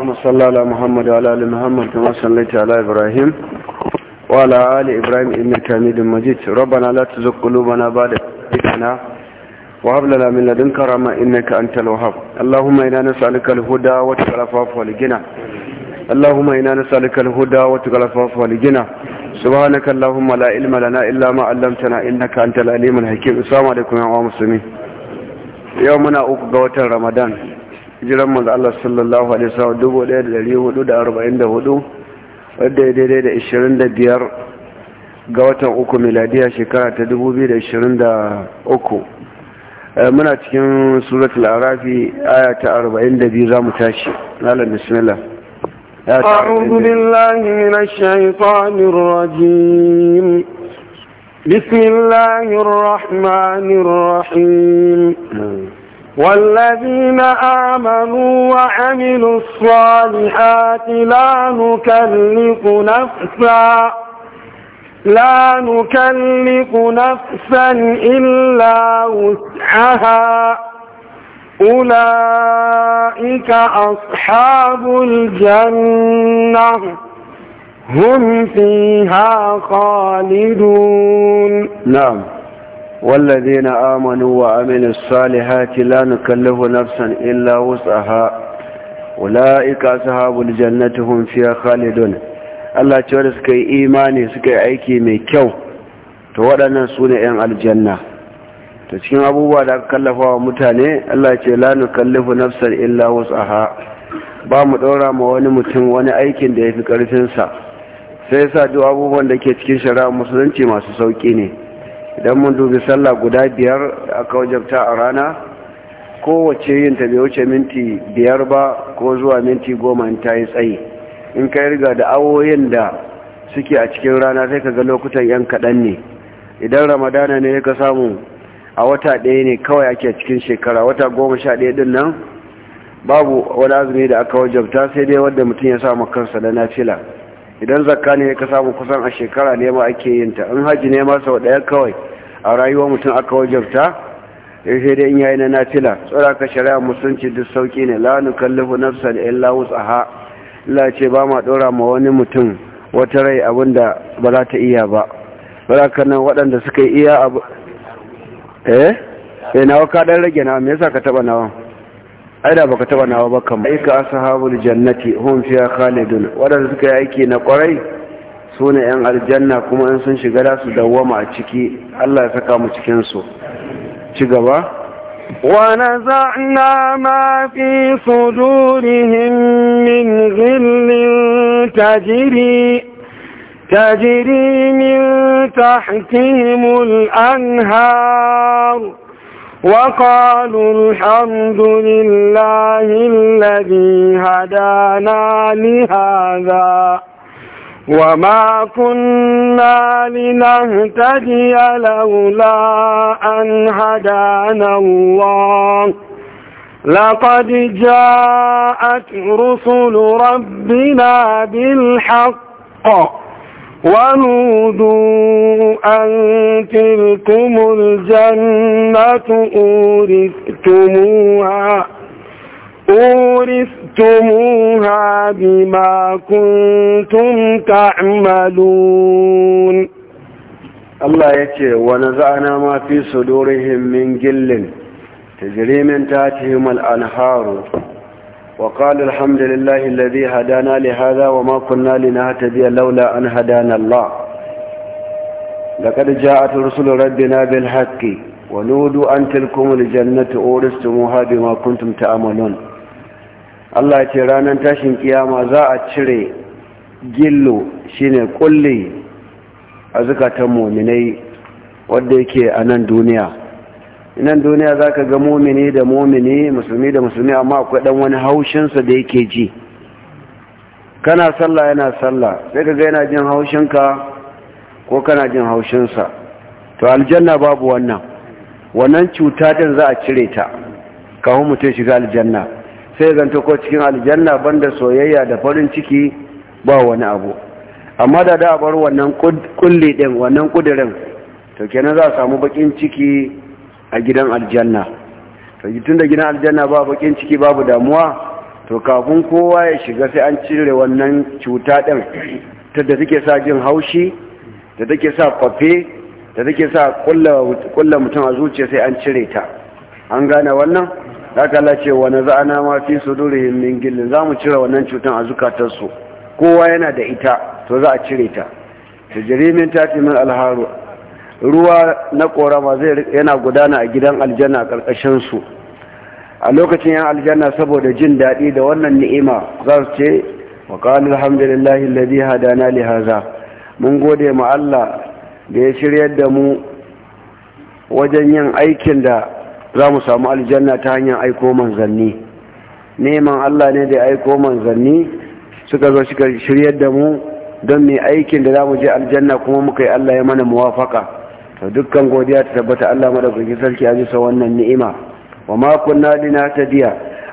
اللهم صل على محمد وعلى ال محمد كما صليت على ابراهيم وعلى ال ابراهيم انك حميد مجيد ربنا لا تزغ قلوبنا بعد إذ وهب لنا من لدنك رحمة إنك أنت الوهاب اللهم إنا نسألك الهدى والتلفاف والجنى اللهم إنا نسألك الهدى والتلفاف والجنى سبحانك اللهم لا علم لنا إلا ما علمتنا إنك أنت العليم الحكيم السلام عليكم يا مسلمين يومنا أوك رمضان hijiran manzo Allah sallallahu alaihi wasallam 1444 wanda ya daidai da da ishirin biyar, ga watan uku miladiya shekara ta dubu biyu da da ishirin uku, eh, muna cikin suratul arafi aya ta 42 zamu tashi malam bismillah أعوذ بالله من الشيطان الرجيم بسم الله الرحمن الرحيم والذين آمنوا وعملوا الصالحات لا نكلف نفسا لا نكلف نفسا إلا وسعها أولئك أصحاب الجنة هم فيها خالدون نعم والذين آمنوا وعملوا الصالحات لا نكلف نفسا إلا وسعها أولئك أصحاب الجنة هم فيها خالدون Allah ce wanda suka yi imani suka yi aiki mai kyau to waɗannan su 'yan aljanna to cikin abubuwa da aka kallafawa wa mutane Allah ce la nukallifu nafsan illa wus'aha ba mu ɗora ma wani mutum wani aikin da ya fi ƙarfinsa sai sa duk abubuwan da ke cikin shari'a musulunci masu sauƙi ne idan mun dubi sallah guda biyar da aka wajabta a rana kowace yin ta bai wuce minti biyar ba ko zuwa minti goma in ta yi tsayi in ka riga da awoyin da suke a cikin rana sai ka ga lokutan yan kaɗan ne idan ramadana ne ka samu a wata ɗaya ne kawai ake cikin shekara wata goma sha ɗaya ɗin nan babu wani azumi da aka wajabta sai dai wadda mutum ya samu kansa da na fila idan zakka ne ka samu kusan a shekara ne ma ake yin ta in haji ne ma sau ɗaya kawai a rayuwa mutum aka wajabta eh, sai dai in yayi na natila tsara ka shari'a musulunci duk sauki ne la nukallifu nafsan illa wus'aha Allah ce ba ma dora ma wani mutum wata rai abinda ba za ta iya ba bara kanan waɗanda suka yi iya abu eh eh nawa ka dan rage na, me yasa ka taba nawa aida baka taba nawa ba kamar aika ashabul jannati hum fiha khalidun wadanda suka yi aiki na kwarai su ne yan aljanna kuma in sun shiga da su dawwama a ciki Allah ya saka mu cikin su ci gaba ma fi sudurihim min ghillin غل تجري min tahtihim al-anhar وقالوا الحمد لله الذي هدانا لهذا وما كنا لنهتدي لولا أن هدانا الله لقد جاءت رسل ربنا بالحق ونودوا أن تلكم الجنة أورثتموها أورثتموها بما كنتم تعملون Allah ya ce wani za'ana ma fi sudurihim min gillin tajrimin tatihim al-anharu وقال الحمد لله الذي هدانا لهذا وما كنا لنهتدي لولا أن هدانا الله لقد جاءت رسل ربنا بالحق ونودوا أن تلكم الجنة أورستموها بما كنتم تأملون Allah ce ranar tashin kiyama za a cire gillo shine kulli a zukatan muminai wadda yake a nan duniya nan duniya za ka ga momini da momini musulmi da musulmi amma akwai ɗan wani haushinsa da yake ji kana sallah yana sallah sai ka ga yana jin haushinka ko kana jin haushinsa to aljanna babu wannan wannan cuta din za a cire ta kawo mutum shiga aljanna sai zanto ko cikin aljanna banda soyayya da farin ciki ba wani abu amma da da bar wannan kulli din wannan kudirin to kenan za a samu bakin ciki a gidan aljanna to tun da gidan aljanna ba bakin ciki babu damuwa to kafin kowa ya shiga sai an cire wannan cuta ɗin ta da take sa jin haushi da take sa kwafe da take sa kulla mutum a zuciya sai an cire ta an gane wannan haka Allah ce wani za'ana ma fi sudurihim min gillin za mu cire wannan cutan a zukatarsu kowa yana da ita to za a cire ta tajrimin tatimul alharu ruwa na korama zai yana gudana a gidan aljanna karkashin su a lokacin yan aljanna saboda jin daɗi da wannan ni'ima za su ce wa qala alhamdulillahi alladhi hadana li hadha mun gode ma Allah da ya shiryar da mu wajen yin aikin da za mu samu aljanna ta hanyar aiko manzanni neman Allah ne da ya aiko manzanni suka zo shiryar da mu don mai aikin da za mu je aljanna kuma muka yi Allah ya mana muwafaka to dukkan godiya ta tabbata Allah madaukakin sarki a jisa wannan ni'ima wa makon dina ta diya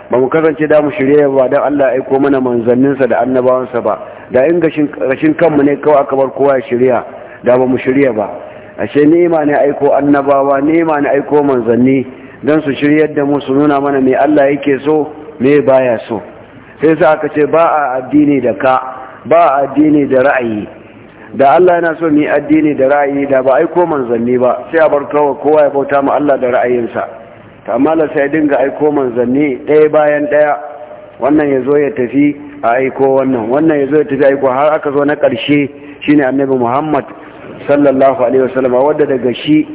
ba mu kasance da shirya ba dan Allah ya aiko mana manzanninsa da annabawansa ba da in gashin kanmu ne kawai aka bar kowa ya shirya da ba mu shirya ba ashe ni'ima ne aiko annabawa ni'ima ne aiko manzanni don su shiryar da mu su nuna mana me Allah yake so me baya so sai sa aka ce ba a addini da ka ba a addini da ra'ayi da Allah yana so mu yi addini da ra'ayi da ba aiko manzanni ba sai a bar kowa ya bauta ma Allah da ra'ayinsa amma la sai dinga aiko manzanni ɗaya bayan ɗaya wannan yazo ya tafi a aiko wannan wannan ya ya tafi aiko har aka zo na ƙarshe shine annabi Muhammad sallallahu alaihi wasallam wanda daga shi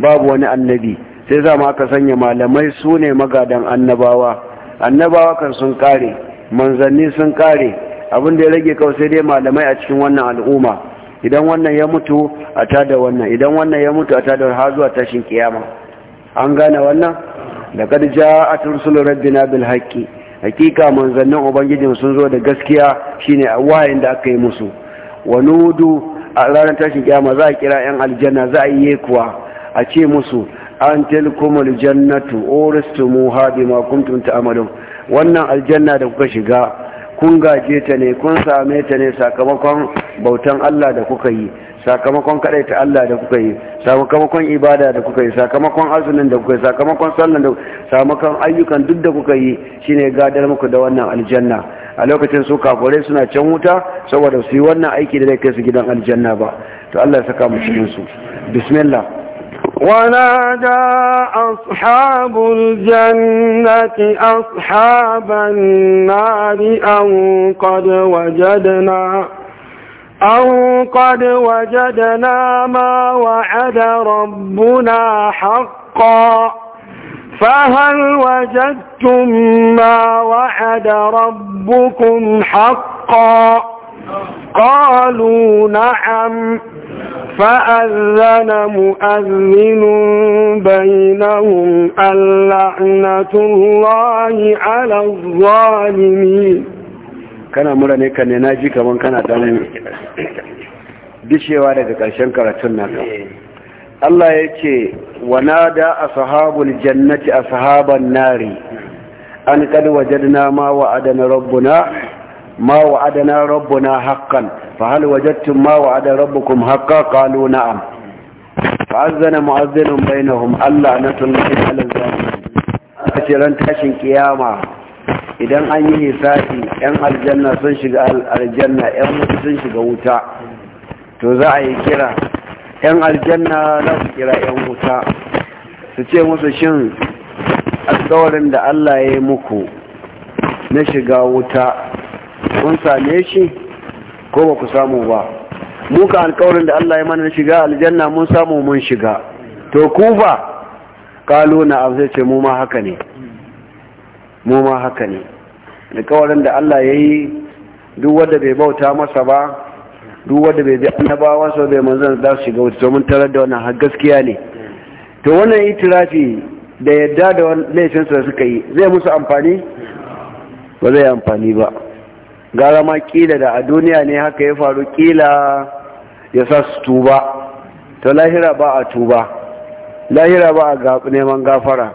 babu wani annabi sai za mu aka sanya malamai sune magadan annabawa annabawa kan sun kare manzanni sun kare abin da ya rage kawai sai dai malamai a cikin wannan al'umma idan wannan ya mutu a tada wannan idan wannan ya mutu a tada wannan har zuwa tashin kiyama an gane wannan Da a ja'at rabbi rabbina bil haqqi hakika manzannin ubangijin sun zo da gaskiya shine wahayin da aka yi musu wa nudu a ranar tashin kiyama za a kira yan aljanna za a yi kuwa a ce musu an tilkumul jannatu uristumuha bima kuntum ta'malun wannan aljanna da kuka shiga kun gaje ta ne kun same ta ne sakamakon bautan Allah da kuka yi sakamakon kadai Allah da kuka yi sakamakon ibada da kuka yi sakamakon azumin da kuka yi sakamakon sallan da sakamakon ayyukan duk da kuka yi shine gadar muku da wannan aljanna a lokacin su kafirai suna can wuta saboda su yi wannan aiki da zai kai su gidan aljanna ba to Allah ya saka mu cikin su bismillah ونادى أصحاب الجنة أصحاب النار أن قد وجدنا أو قد وجدنا ما وعد ربنا حقا فهل وجدتم ما وعد ربكم حقا قالوا نعم فأذن مؤذن بينهم اللعنة الله على الظالمين kana mura ne kan ne naji kaman kana dan dishewa daga karshen karatun naka Allah yake wanada ashabul jannati ashaban nari an kad wajadna ma wa'adana rabbuna ما وعدنا ربنا حقا فهل وجدتم ما وعد ربكم حقا na نعم فأذن مؤذن بينهم ألا نتلقي على الظالمين أشيران تاشن قيامة idan an yi hisabi yan aljanna sun shiga aljanna yan wuta sun shiga wuta to za a yi kira yan aljanna za su kira yan wuta su ce musu shin alkawarin da Allah ya yi muku na shiga wuta kun same shi ko ba ku samu ba muka alkawarin da Allah ya mana na shiga aljanna mun samu mun shiga to ku ba Kalu na abu zai ce mu ma haka ne mu ma haka ne alkawarin da Allah ya yi duk wanda bai bauta masa ba duk wanda bai bi annabawa sau bai manzan da su shiga wuta domin tarar da wannan har gaskiya ne to wannan itirafi da yadda da laifinsa da suka yi zai musu amfani ba zai amfani ba gara ma kila da a duniya ne haka ya faru kila ya sa su tuba ta lahira ba a tuba lahira ba a neman gafara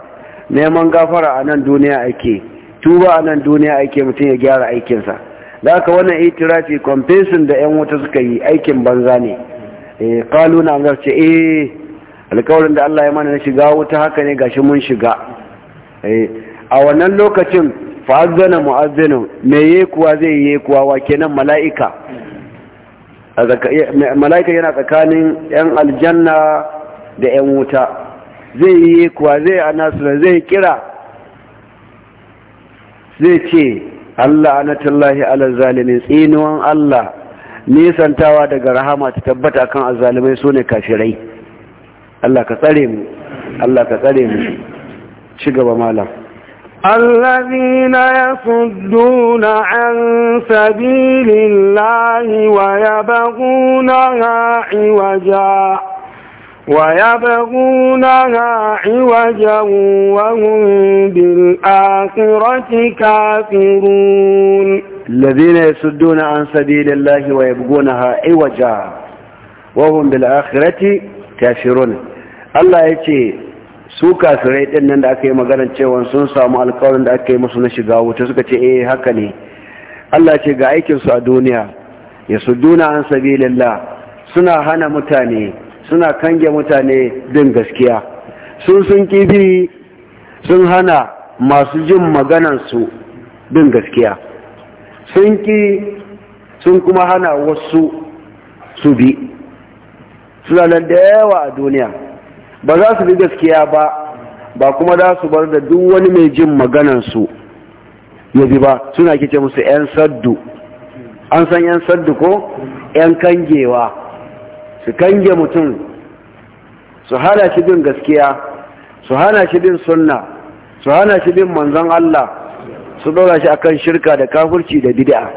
neman gafara a nan duniya ake tuba a nan duniya ake mutum ya gyara aikinsa da aka wannan itirafi kwamfesin da 'yan wuta suka yi aikin banza ne eh, kalu na amsar ce eh alkawarin da Allah ya mana na shiga wuta haka ne gashi mun shiga eh, a wannan lokacin fa'azana mu'azzinu me ye kuwa zai yi kuwa wa kenan mala'ika mala'ika yana tsakanin yan aljanna da yan wuta zai yi kuwa zai anasura zai kira zai ce Allah anatullahi ala zalimin tsinuwan Allah nisantawa daga rahama ta tabbata kan azalimai su ne kafirai Allah ka tsare mu Allah ka tsare mu ci gaba malam الذين يصدون عن سبيل الله ويبغونها عوجا ويبغونها عوجا وهم بالآخرة كافرون الذين يصدون عن سبيل الله ويبغونها عوجا وهم بالآخرة كافرون الله يتي su kafirai din nan da aka yi maganar cewa sun samu alkawarin da aka yi musu na shiga wuta suka ce eh haka ne Allah ce ga aikin su a duniya ya duna an sabilillah suna hana mutane suna kange mutane bin gaskiya sun sun kibi sun hana masu jin maganar su bin gaskiya sun ki sun kuma hana wasu su bi suna da yawa a duniya ba za su bi gaskiya ba ba kuma za su bar da duk wani mai jin maganansu ya bi ba suna kice musu 'yan saddu an san 'yan saddu ko 'yan kangewa su kange mutum su hana shi bin gaskiya su hana shi bin sunna su hana shi bin manzon Allah su ɗora shi akan shirka da kafurci da bid'a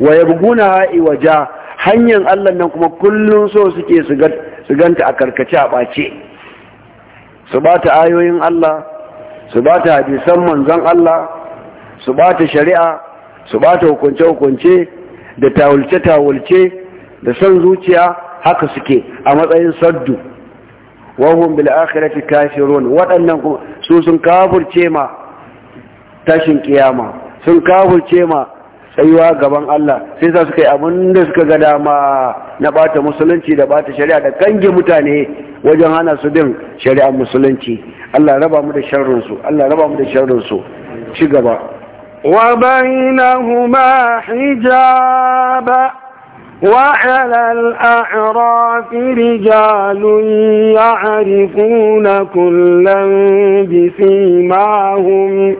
wa yabguna ha'i waja hanyar Allah nan kuma kullum so suke su ga su ganta a karkace a ɓace su ba ayoyin Allah su ba hadisan manzon Allah su ba shari'a su ba ta hukunce-hukunce da tawulce-tawulce da son zuciya haka suke a matsayin saddu wahun bil akhirati kafirun waɗannan su sun kafurce ma tashin kiyama sun kafurce ma tsayuwa gaban Allah sai za su kai abin da suka ga dama na bata musulunci da bata shari'a da kange mutane wajen hana su bin shari'ar musulunci Allah raba mu da sharrin su Allah raba mu da sharrin su ci gaba wa bainahuma hijaba araf rijalun ya'rifuna kullan bi simahum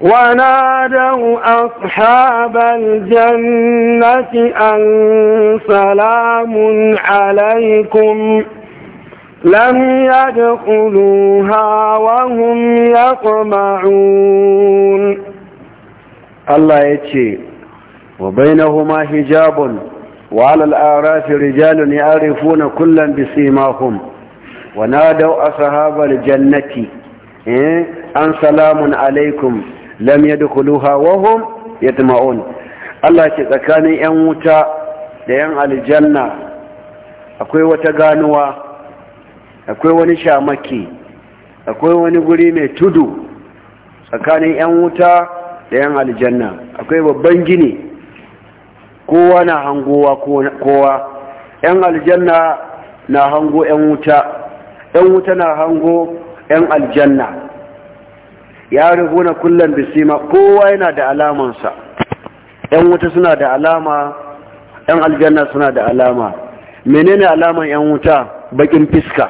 ونادوا أصحاب الجنة أن سلام عليكم لم يدخلوها وهم يطمعون الله يتشي وبينهما حجاب وعلى الآراف رجال يعرفون كلا بسيماهم ونادوا أصحاب الجنة إيه؟ أن سلام عليكم lam yadkhuluha wa hum yatma'un Allah ce tsakanin yan wuta da yan aljanna akwai wata ganuwa akwai wani shamaki akwai wani guri mai tudu tsakanin yan wuta da yan aljanna akwai babban gini kowa na hangowa kowa yan aljanna na hango yan wuta yan wuta na hango yan aljanna ya rubuna kullum bisima kowa yana da alamansa ‘yan wuta suna da alama ‘yan aljanna suna da alama menene alaman ‘yan wuta bakin fiska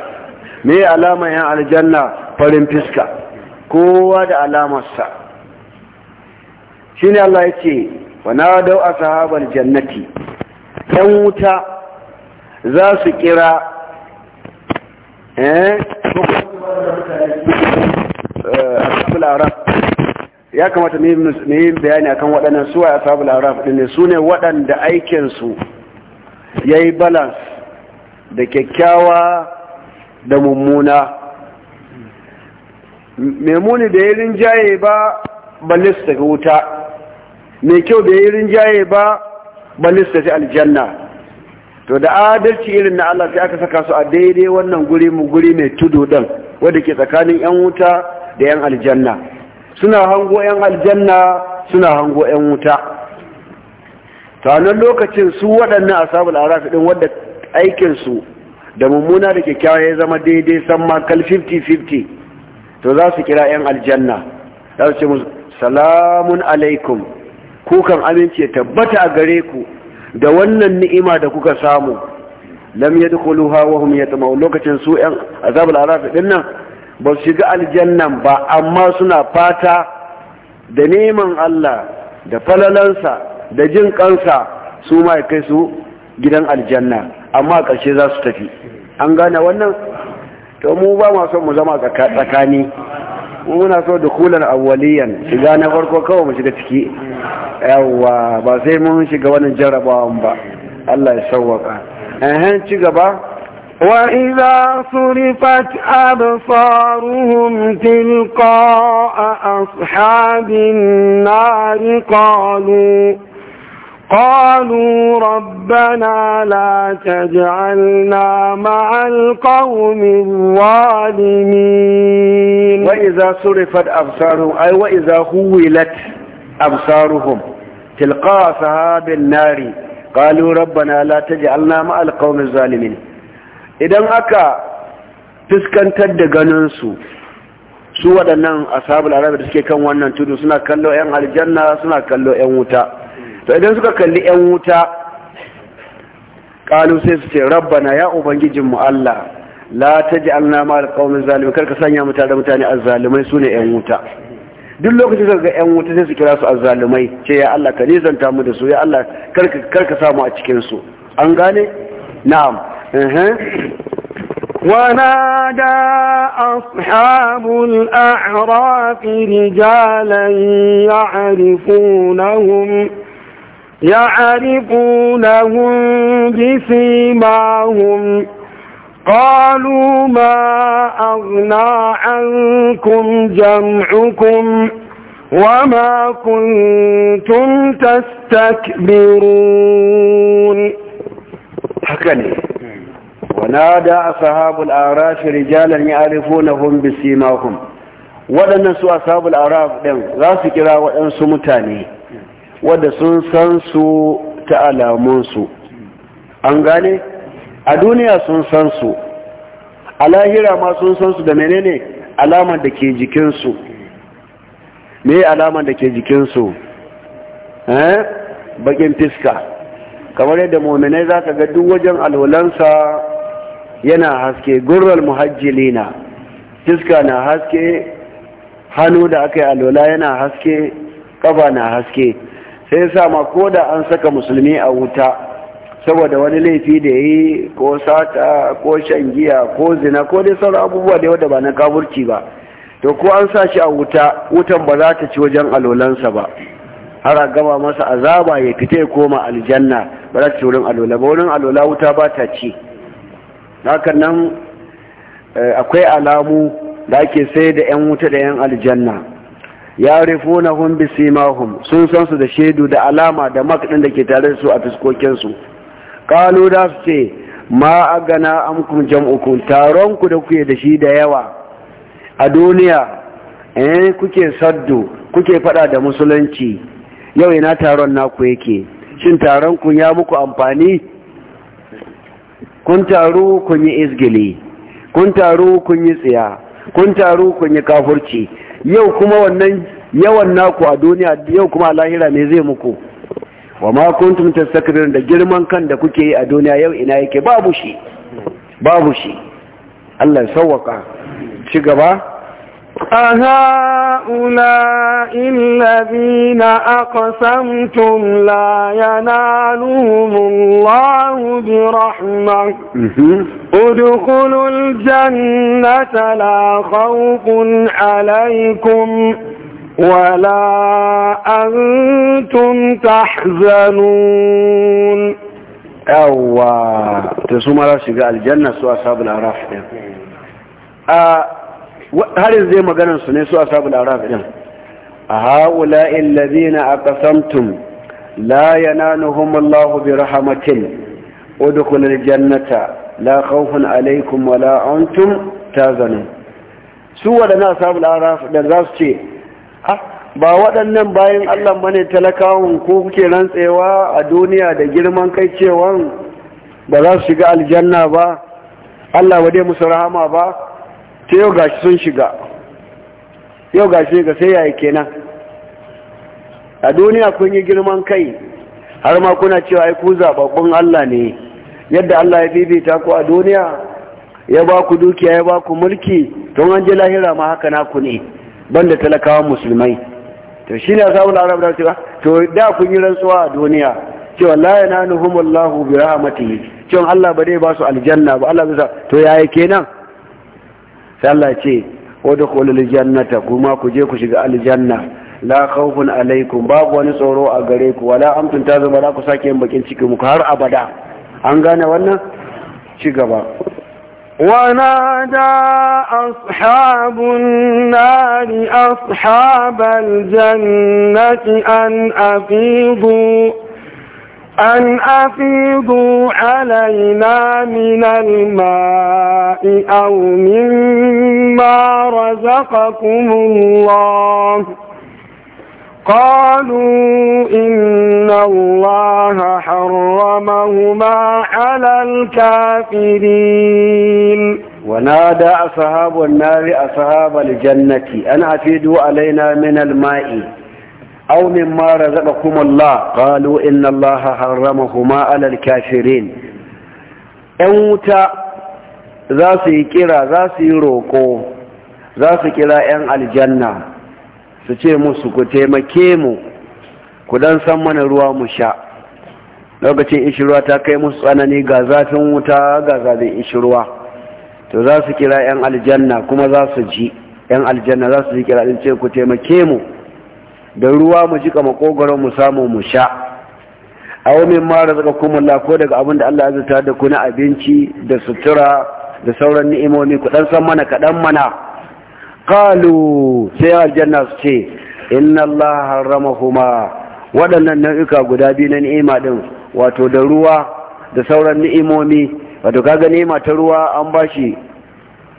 me alaman ‘yan aljanna farin fiska kowa da alamarsa shi ne Allah ya ce wana dau a sahabar jannati ‘yan wuta za su kira eh ashabul araf ya kamata mu yi bayani akan waɗannan suwa ashabul araf din ne su ne waɗanda aikin su yayi balance da kyakkyawa da mummuna memuni da yi rinjaye ba balle su wuta mai kyau da yi rinjaye ba balle su aljanna to da adalci irin na Allah sai aka saka su a daidai wannan guri mu guri mai tudu ɗin wadda ke tsakanin 'yan wuta da 'yan aljanna suna hango 'yan aljanna suna hango 'yan wuta nan lokacin su waɗannan asabul arafi ɗin wadda aikinsu da mummuna da kyakkyawa ya zama daidai san makal 50-50 to za su kira 'yan aljanna za su ce musu salamun alaikum kukan amince tabbata a gare ku da wannan ni'ima da kuka samu lam yadkhuluha wa hum yatma'un lokacin su 'yan a arafi ɗin nan ba su shiga aljannan ba amma suna fata da neman Allah da falalansa da jin kansa su ma kai su gidan aljanna amma a ƙarshe za su tafi an gane wannan to mu ba ma son mu zama tsakani muna so da kulan awwaliyan shiga na farko kawai mu shiga ciki yawwa ba sai mun shiga wannan jarrabawar ba Allah ya sauwaka ehen ci gaba وإذا صرفت أبصارهم تلقاء أصحاب النار قالوا قالوا ربنا لا تجعلنا مع القوم الظالمين وإذا صرفت أبصارهم أي وإذا هولت أبصارهم تلقاء أصحاب النار قالوا ربنا لا تجعلنا مع القوم الظالمين idan aka fuskantar da ganinsu su waɗannan ashabul arabi da suke kan wannan tudu suna kallo 'yan aljanna suna kallo 'yan wuta to idan suka kalli 'yan wuta kalu sai su ce rabbana ya ubangijinmu Allah la nama ma alqawmi zalimin karka sanya mu tare mutane azzalimai sune 'yan wuta duk lokacin da ga 'yan wuta sai su kira su azzalumai ce ya Allah ka nizanta mu da su ya Allah karka karka samu a cikinsu, su an gane na'am ونادى أصحاب الأعراف رجالا يعرفونهم يعرفونهم بسيماهم قالوا ما أغنى عنكم جمعكم وما كنتم تستكبرون ونادى أصحاب الأعراف رجالا يعرفونهم بسيماهم waɗannan su ashabul araf ɗin za su kira waɗansu mutane wadda sun san su ta alamunsu an gane a duniya sun san su a lahira ma sun san su da menene alamar da ke jikinsu me alamar da ke jikinsu bakin fiska kamar yadda muminai za ka ga duk wajen alwalansa yana haske gurral muhajjilina fiska na haske hannu da aka yi alola yana haske ƙafa na haske sai sa ma ko da an saka musulmi a wuta saboda wani laifi da yi ko sata ko shan giya ko zina ko dai sauran abubuwa da wadda ba na kaburci ba to ko an sa shi a wuta wutan ba za ta ci wajen alolansa ba har a gama masa azaba ya fita ya koma aljanna ba za ta ci wurin alola ba wurin alola wuta ba ta ci haka nan eh, akwai alamu da ake sai da 'yan wuta da 'yan aljanna ya rufo na hunbi simahun sun san su da shaidu da alama da makaɗin da ke tare su a fuskokinsu kalu da su ce ma a gana amkun jam'ukun taronku da kuke da shi da yawa a duniya eh kuke saddu kuke fada da musulunci yau ina taron naku yake shin taron ku ya muku amfani kun taru kun yi izgili kun taru kun yi tsiya kun taru kun yi kafurci yau kuma wannan yawan naku a duniya yau kuma lahira ne zai muku wa ma kuntum tastakbirun da girman kan da kuke yi a duniya yau ina yake babu shi babu shi Allah ya sauwaka ci gaba aha هؤلاء الذين أقسمتم لا ينالهم الله برحمة ادخلوا الجنة لا خوف عليكم ولا أنتم تحزنون أوه تسمى شقاء الجنة سوى صاب الأراف آه، har yanzu zai maganar su ne su da araf din a haula a aqsamtum la yananuhum Allah bi rahmatin udkhulul jannata la khawfun alaikum wa la antum su waɗanda a sabu da za su ce ba waɗannan bayan Allah bane talakawun ko kuke rantsewa a duniya da girman kai cewa ba za su shiga aljanna ba Allah ba dai musu rahama ba ta yau gashi sun shiga yau gashi ga sai yaya kenan a duniya kun yi girman kai har ma kuna cewa ai ku zababbun Allah ne yadda Allah ya bibita ku a duniya ya ba ku dukiya ya ba ku mulki tun an je lahira ma haka na ku ne banda talakawan musulmai to shine sabon arab da cewa to da kun yi rantsuwa a duniya cewa la yananuhumullahu bi rahmatihi cewa Allah ba zai ba su aljanna ba Allah zai to yaya kenan sallah ce wadda kolin jannata kuma ku je ku shiga aljanna la khawfun alaikum babu wani tsoro a gare ku wala amtun ta zama za ku sake yin bakin ciki mu har abada an gane wannan ci gaba ونادى أصحاب النار أصحاب الجنة أن أفيضوا أن أفيضوا علينا من الماء أو مما رزقكم الله قالوا إن الله حرمهما على الكافرين ونادى أصحاب النار أصحاب الجنة أن أفيدوا علينا من الماء أو مما رزقكم الله قالوا إن الله حرمهما على الكافرين أنت za su yi kira za su yi roƙo za su kira 'yan aljanna su ce san mana ruwa mu sha lokacin ishirwa ta kai musu tsanani ga zafin wuta ga zafin ishirwa to za su kira 'yan aljanna kuma za su ji 'yan aljanna za su yi kira ɗin ce ku taimake mu da ruwa mu jika makogoron mu samu mu sha A wani mara zaka kuma ko daga abin da Allah ya da ku na abinci da sutura da sauran ni'imomi ku dan san mana kadan mana qalu sai aljanna su ce inna Allah huma. waɗannan nau'uka guda biyu na ni'ima din wato da ruwa da sauran ni'imomi wato kaga ni'ima ta ruwa an bashi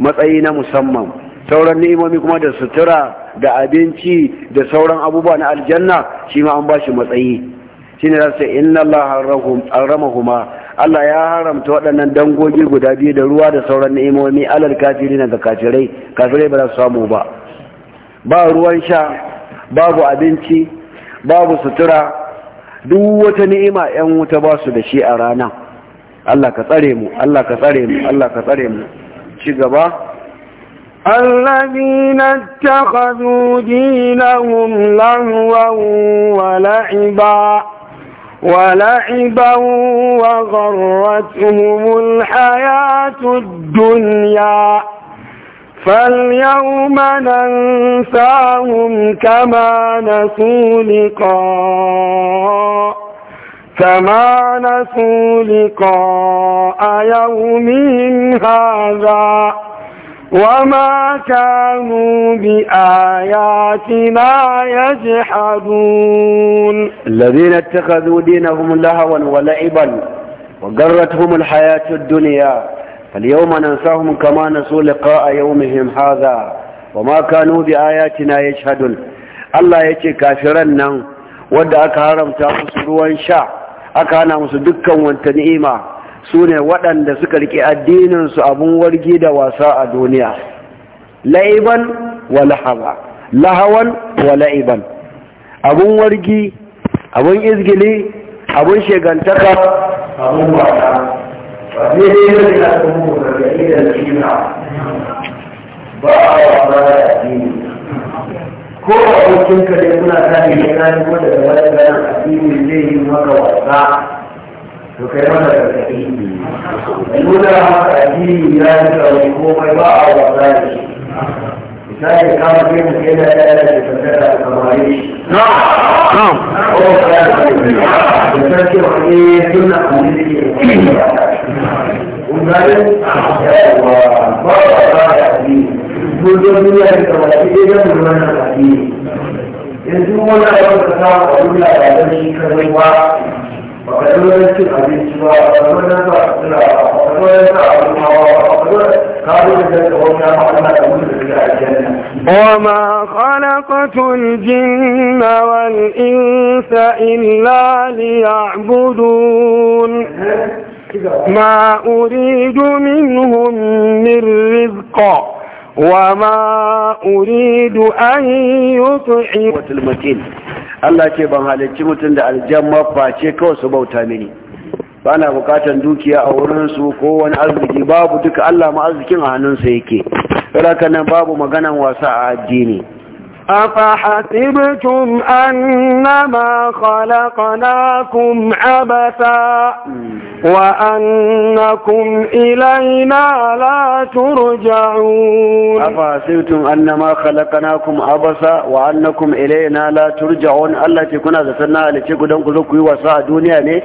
matsayi na musamman sauran ni'imomi kuma da sutura da abinci da sauran abubuwa na aljanna shi ma an ba shi matsayi shine za su inna Allah Allah ya haramta waɗannan dangogi guda biyu da ruwa da sauran ni'imomi alal na ga kafirai kafirai ba za su samu ba ba ruwan sha babu abinci babu sutura duk wata ni'ima yan wuta ba su da shi a rana Allah ka tsare mu Allah ka tsare mu Allah ka tsare mu ci gaba الذين اتخذوا دينهم لهوا ولعبا ولعبا وغرتهم الحياة الدنيا فاليوم ننساهم كما نسوا لقاء كما نسوا لقاء يومهم هذا وما كانوا بآياتنا يجحدون الذين اتخذوا دينهم لهوا ولعبا وقرتهم الحياة الدنيا فاليوم ننساهم كما نسوا لقاء يومهم هذا وما كانوا بآياتنا يجحدون الله يجي كافرنا wadda aka haramta musu ruwan sha aka su ne waɗanda suka rike addininsu abin wargi da wasa a duniya la'iban wa lahaba lahawan wa la'iban Abin wargi abin izgili abin shegantaka abin wata ba zai zai da ba a wasa da addini ko abokinka dai kuna sani ne na kuma da wani ganin addini zai yi maka wasa وكمان الكريم الأولى أدين لا يتعلمون ويضع وضعه مثال كان فيه مكينة آلة فتاة الكرائيش نعم نعم هو فلاس مثال كيف حقيقي كنا قميزي ومالك وبرضه لا يأتين منذ الدنيا الكرائيش من المنى الحقيقي يجب أن يكون هناك أدوية على ذلك الرواء وما خلقت الجن والإنس إلا ليعبدون ما أريد منهم من رزق وما أريد أن يطعم Allah ce ban halarci mutum da aljamma face kawai su bauta mini ba na bukatan dukiya a wurinsu ko wani arziki babu duka Allah ma arzikin a hannunsa yake. Raka nan babu maganan wasa a addini. أفحسبتم أنما خلقناكم عبثا وأنكم إلينا لا ترجعون أفحسبتم أنما خلقناكم عبثا وأنكم إلينا لا ترجعون التي كنا ذاتنا التي كنا نقول وساء دنيا ne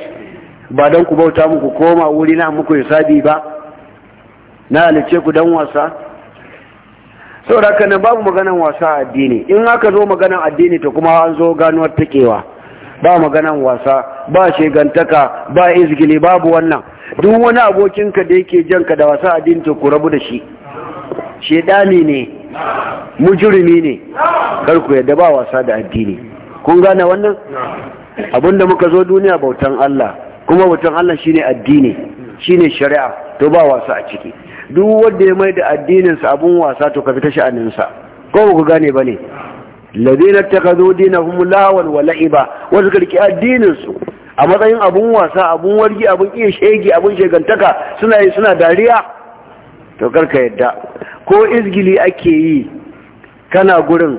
ba don ku bauta muku koma wuri na muku hisabi saboda haka nan babu maganan wasa a addini in aka zo maganan addini ta kuma an zo ganuwar takewa ba maganan wasa ba shegantaka ba izgili babu wannan duk wani abokinka da yake janka da wasa addini to ku rabu da shi shedani ne mujurimi ne kar yadda ba wasa da addini kun gane wannan abinda muka zo duniya bautan Allah kuma bautan Allah shine addini shine shari'a to ba wasa a ciki duk wanda ya mai da addininsa abun wasa to ka fita sa ko ku gane ba ne ladina takazu dinahum lawal wa la'iba wasu karki addininsu a matsayin abun wasa abun wargi abun iya shege abun shegantaka suna yi suna dariya to karka yadda ko izgili ake yi kana gurin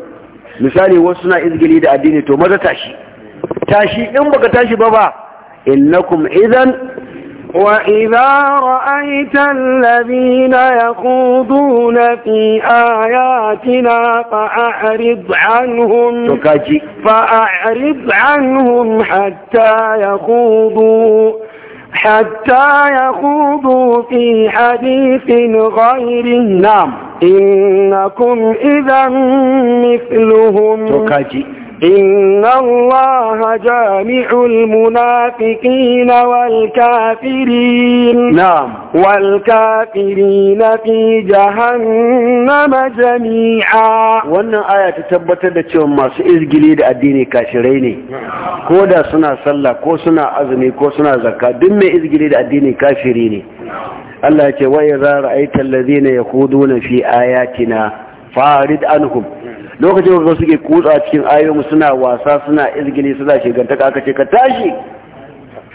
misali wasu suna izgili da addini to maza tashi tashi in baka tashi ba ba innakum idan وإذا رأيت الذين يخوضون في آياتنا فأعرض عنهم فأعرض عنهم حتى يخوضوا حتى يخوضوا في حديث غير نعم إنكم إذا مثلهم إن الله جامع na والكافرين walkafiri والكافرين في جهنم جميعا وانا آية تتبت دا cewa masu izgili da addini kashirai ne ko da suna sallah ko suna azumi ko suna zakka duk mai izgili da addini kashiri ne Allah ce wa idza ra'aita Yahudu na fi ayatina farid anhum lokacin da suke kutsa cikin ayoyin suna wasa suna izgili suna shiganta aka ce ka tashi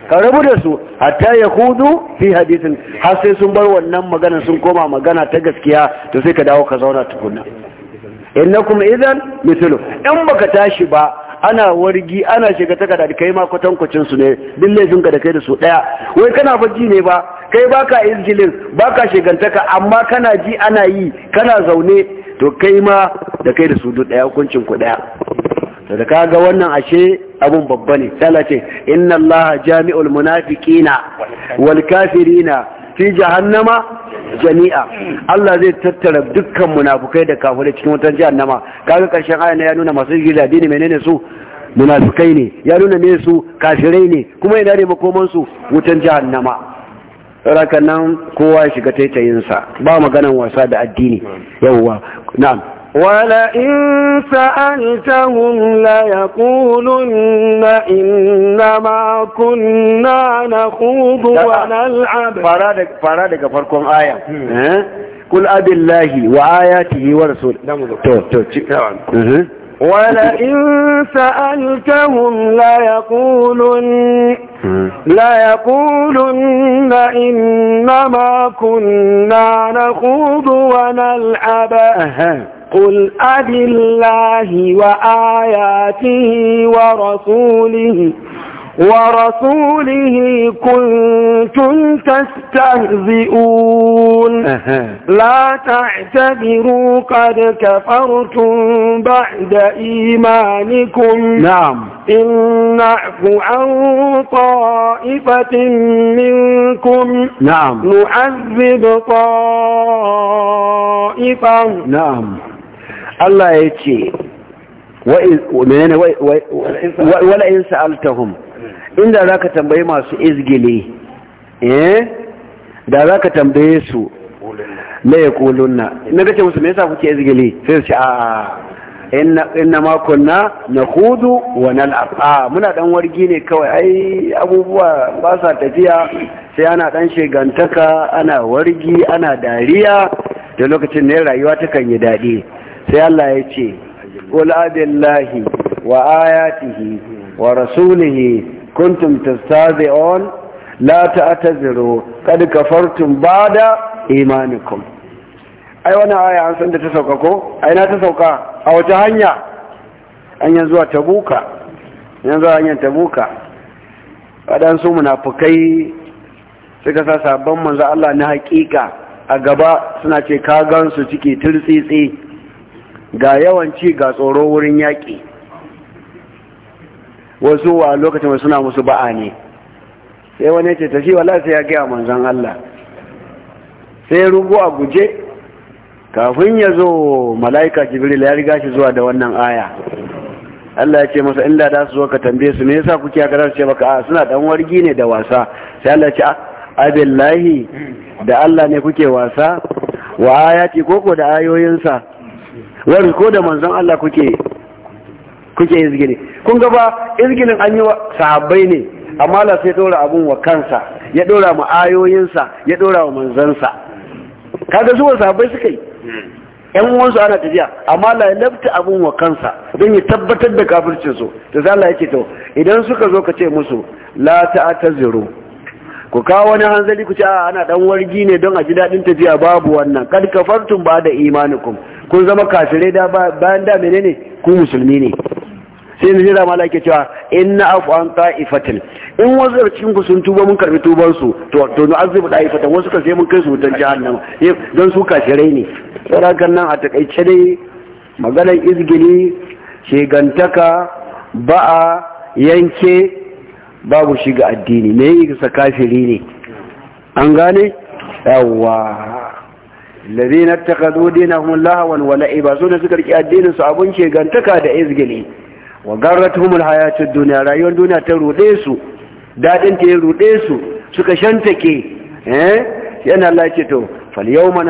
ka rabu da su hatta ya hudu fi hadisin har sai sun bar wannan magana sun koma magana ta gaskiya to sai ka dawo ka zauna tukuna innakum idan mithlu in baka tashi ba ana wargi ana shiga ta da kai ma kwatankwacin su ne duk laifin ka da kai da su daya wai kana faji ne ba kai baka izgilin baka shigantaka amma kana ji ana yi kana zaune to kai ma da kai da su duk daya hukuncin ku daya da kaga wannan ashe abun babba ne tala ce inna allaha jami'ul munafiqina wal kafirina fi jahannama jami'a Allah zai tattara dukkan munafukai da kafirai cikin wutar jahannama kaga karshen aya ya nuna masu gida dini menene su munafukai ne ya nuna ne su kafirai ne kuma ina ne makoman su wutar jahannama raka nan kowa shiga taitayinsa ba maganan wasa da addini yawwa na'am wala in sa'altahum la yaquluna inna ma kunna nakhudu wa nal'ab fara da fara daga farkon aya kul abillahi wa ayatihi wa rasul to to cikawan ولئن سألتهم ليقولن ليقولن إنما كنا نخوض ونلعب قل أبالله وآياته ورسوله ورسوله كنتم تستهزئون لا تعتذروا قد كفرتم بعد إيمانكم نعم إن نعفو عن طائفة منكم نعم نعذب طائفة نعم الله يتشي وإن, وإن سألتهم inda za ka tambayi masu izgile eh da za ka tambaye su na ya kulunna na gace musu me yasa kuke izgile sai su ce a inna ma na hudu wa nal'ab a muna dan wargi ne kawai ai abubuwa ba sa tafiya sai ana dan shigantaka ana wargi ana dariya da lokacin ne rayuwa ta kan yi dadi sai Allah ya ce qul abillahi wa ayatihi wa rasulihi kuntum tastazi'un la ta'taziru kad kafartum ba'da imanikum ai wannan aya an san da ta sauka ko ai na ta sauka a wata hanya An yanzu zuwa tabuka yanzu hanyar tabuka waɗansu munafukai suka sa sabon manzo Allah na hakika a gaba suna ce ka gansu ciki turtsitsi ga yawanci ga tsoro wurin yaƙi wasu wa lokacin suna musu ba'a ne sai wani ce tashi wala sai ya gaya manzan Allah sai rugu a guje kafin ya zo mala'ika jibril ya riga shi zuwa da wannan aya Allah ya ce masa inda da su zo ka tambaye su me yasa kuke ga ran ce baka a suna dan wargi ne da wasa sai Allah ya ce abillahi da Allah ne kuke wasa wa ayati koko da ayoyinsa wani ko da manzon Allah kuke kuke izgiri kun ga ba izginin an yi sahabbai ne amma la sai dora abun wa kansa ya dora mu ayoyinsa ya dora wa manzansa kaga su sahabbai suka yi ƴan uwansu ana tafiya amma la labta abun wa kansa don ya tabbatar da kafircin su to zalla yake to idan suka zo ka ce musu la ta'taziru ku kawo wani hanzari ku ce a ana dan wargi ne don a ji dadin tafiya babu wannan kad kafartum ba da imanikum kun zama kafirai da bayan da menene ku musulmi ne sai ne jira mala cewa in na afu an ta'ifatin in wasu daga cikin ku sun tuba mun karbi tuban su to to nu azibu da'ifatan wasu ka sai mun kai su wutan jahannama don su kafirai ne saurakan nan a takaice dai maganar izgili shegantaka ba'a yanke babu shiga addini me yi sa kafiri ne an gane yawwa الذين اتخذوا دينهم لهوا ولعبا سنة سكر كي الدين سعبون شيء قنتكا da izgili. wa garratuhumul hayatud dunya rayuwar duniya ta rude su dadin ta rude su suka shantake eh yana Allah ya ce to fal yawma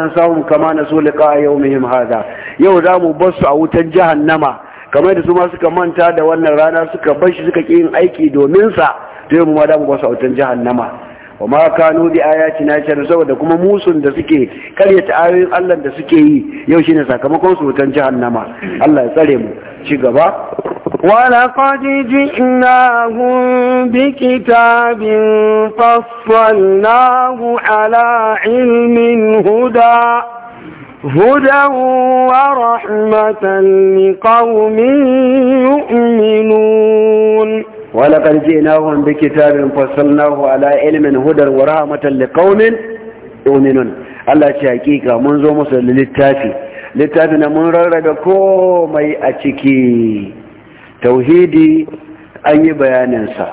kama nasu liqa yawmihim hadha yau za mu basu a wutan jahannama kamar da su ma suka manta da wannan rana suka bar shi suka ki yin aiki domin sa to yau mu ma da mu basu a wutan jahannama wa ma kanu bi na shar saboda kuma musun da suke karyata ayoyin Allah da suke yi yau shine sakamakon su wutan jahannama Allah ya tsare mu ci gaba ولقد جئناهم بكتاب فصلناه على علم هدى هدى ورحمة لقوم يؤمنون ولقد جئناهم بكتاب فصلناه على علم هدى ورحمة لقوم يؤمنون الله شاكيك منذ مصر للتافي musu من littafi littafi أتكي tauhidi an yi bayaninsa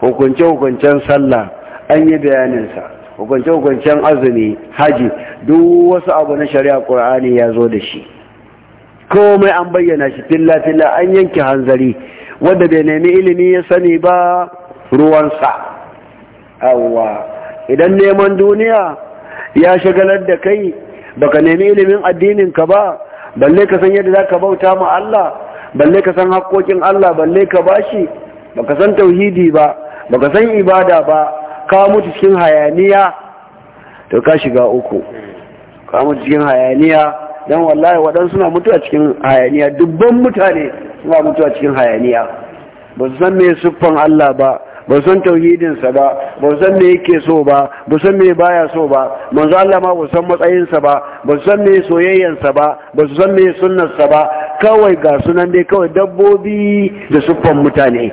hukunce-hukuncen sallah an yi bayaninsa hukunce-hukuncen azumi haji duk wasu abu na shari'a ƙur'ani ya zo da shi komai an bayyana shi filla-filla an yanke hanzari wadda bai nemi ilimi ya sani ba ruwansa awa idan neman duniya ya shagalar da kai baka nemi ilimin addininka ba balle ka san yadda za ka bauta ma Allah balle ka san haƙoƙin Allah balle ka bashi baka san tauhidi ba baka san ibada ba ka mutu cikin hayaniya to ka shiga uku ka mutu cikin hayaniya dan wallahi waɗansu na mutuwa cikin hayaniya dubban mutane suna mutuwa cikin hayaniya ba su san me siffan Allah ba ba san tauhidinsa ba ba san me yake so ba ba san me baya so ba manzo Allah ma ba san matsayinsa ba ba san me soyayyansa ba ba san me sunnarsa ba kawai ga sunan dai kawai dabbobi da suffan mutane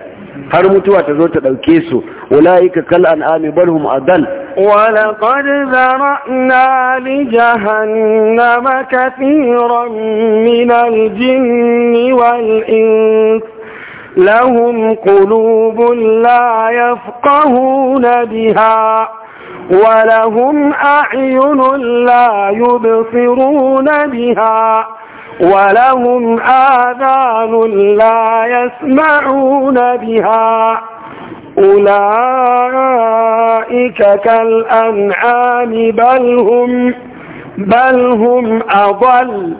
har mutuwa ta zo ta ɗauke su ulaika kal an'ami bal hum adal ولقد ذرأنا لجهنم كثيرا من الجن والإنس لهم قلوب لا يفقهون بها ولهم أعين لا يبصرون بها ولهم آذان لا يسمعون بها أولئك كالأنعام بل هم بل هم أضل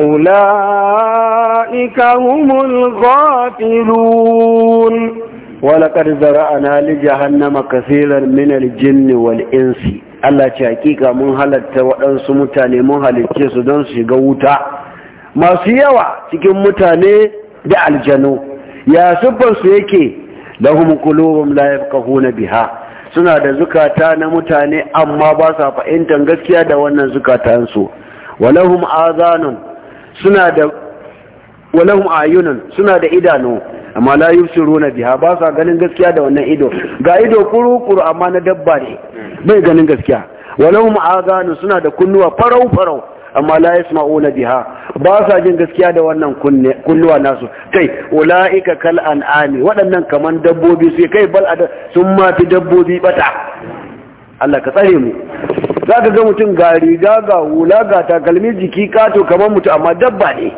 أولئك هم الغافلون ولقد ذرأنا لجهنم كثيرا من الجن والإنس Allah ce hakika mun halatta waɗansu mutane mun halicce su don su shiga wuta masu yawa cikin mutane da aljanu ya su yake da qulubum la yafqahuna biha suna da zukata na mutane amma ba sa fahimtar gaskiya da wannan zukatansu walahum azanun suna da walahum suna da idanu amma la yusiruna biha ba sa ganin gaskiya da wannan ido ga ido kuru-kuru amma na dabba ne bai ganin gaskiya walahum azanun suna da kunnuwa farau-farau amma la yasma'una biha ba sa jin gaskiya da wannan kunnuwa nasu kai ulaika kal an'ami waɗannan kaman dabbobi su kai bal sun ma fi dabbobi bata Allah ka tsare mu za ka ga mutum ga riga ga hula ga takalmi jiki kato kaman mutum amma dabba ne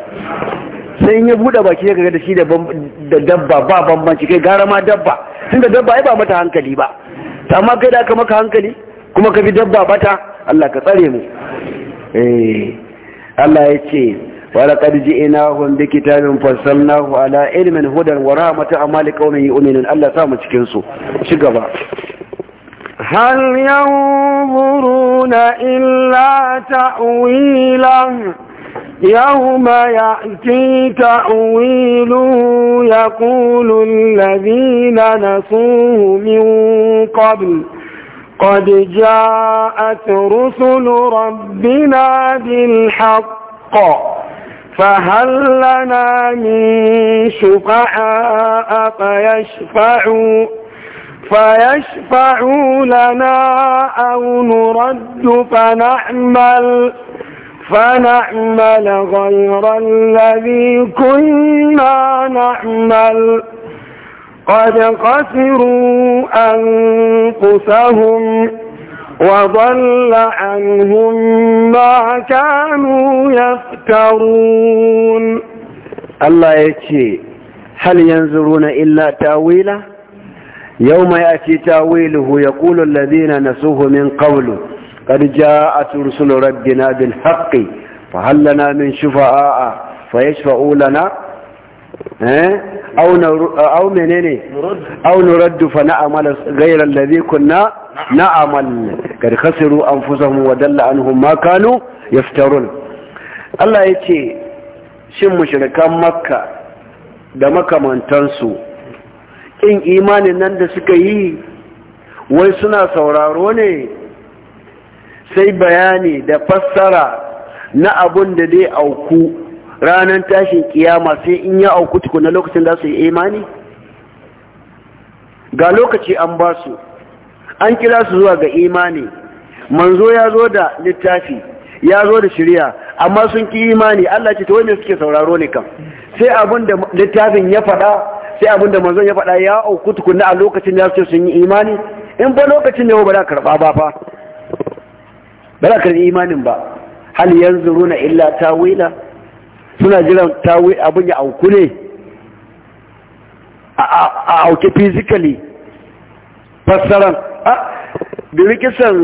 sai ya buɗe baki ya ga da shi da dabba ba bambanci kai gara ma dabba tun da dabba ai ba mata hankali ba amma kai da aka maka hankali kuma ka bi dabba bata Allah ka tsare mu eh Allah ya ce walaƙar ji'ina hun bi kitabin fassalna ala ilimin hudar wa rahmatu amma li qaumin yu'minun Allah sa mu cikin su ci gaba hal yanzuruna illa ta'wilan يوم يأتي تأويله يقول الذين نسوه من قبل قد جاءت رسل ربنا بالحق فهل لنا من شفعاء فيشفعوا فيشفعوا لنا أو نرد فنعمل فنعمل غير الذي كنا نعمل قد خسروا أنفسهم وضل عنهم ما كانوا يفترون الله يكي هل ينظرون إلا تاويله يوم يأتي تاويله يقول الذين نسوه من قوله قد جاءت رسل ربنا بالحق فهل لنا من شفعاء فيشفعوا لنا Eh? Eh, au menene au nuraddu fa na'amal ghayra alladhi kunna na'amal kad khasiru anfusahum wa dalla anhum ma kanu yaftarun Allah yace shin mushirikan makka da makamantansu ƙin imanin nan da suka yi wai suna sauraro ne sai bayani da fassara na abun da zai auku ranar tashin kiyama sai in ya auku tukuna lokacin za su yi imani ga lokaci an ba su an kira su zuwa ga imani manzo ya zo da littafi ya zo da shirya amma sun ki imani Allah ce ta wani suke sauraro ne kam sai abin da littafin ya faɗa sai abin da manzon ya faɗa ya auku tukuna a lokacin da su sun yi imani in ba lokacin ne ba za karɓa ba fa ba za karɓi imanin ba hal yanzu runa illa tawila suna jiran tawi abin ya auku ne a auke physically fassaran a domin kisan